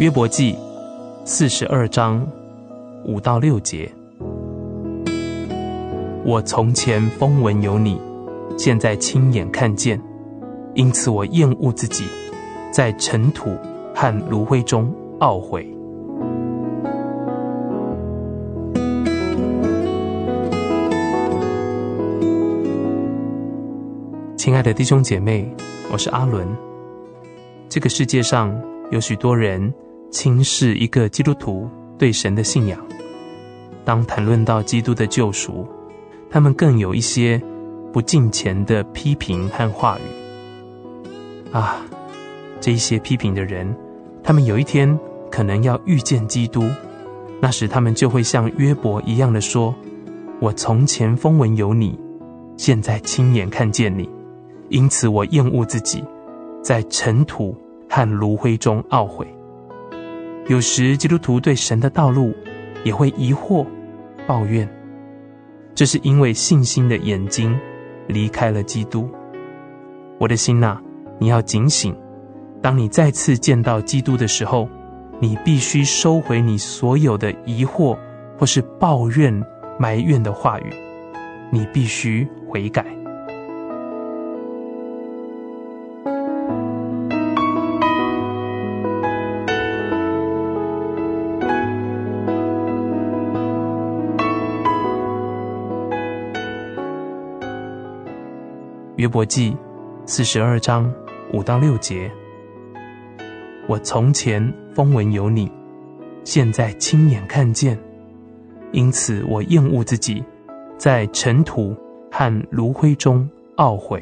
約伯記四十二章五到六節：我從前風聞有你，現在親眼看見，因此我厭惡自己，在塵土和爐灰中懊悔。親愛的弟兄姐妹，我是阿倫。這個世界上有許多人。輕視一個基督徒對神的信仰。當談論到基督的救贖，他們更有一些不敬虔的批評和話語。啊，這一些批評的人，他們有一天可能要遇見基督，那時他們就會像約伯一樣的說：“我從前風聞有你，現在親眼看見你，因此我厭惡自己，在塵土和爐灰中懊悔。”有時基督徒對神的道路也會疑惑、抱怨，這是因為信心的眼睛離開了基督。我的心吶，你要警醒，當你再次見到基督的時候，你必須收回你所有的疑惑或是抱怨、埋怨的話語，你必須悔改。約伯記，四十二章五到六節。我從前風聞有你，現在親眼看見，因此我厭惡自己，在塵土和爐灰中懊悔。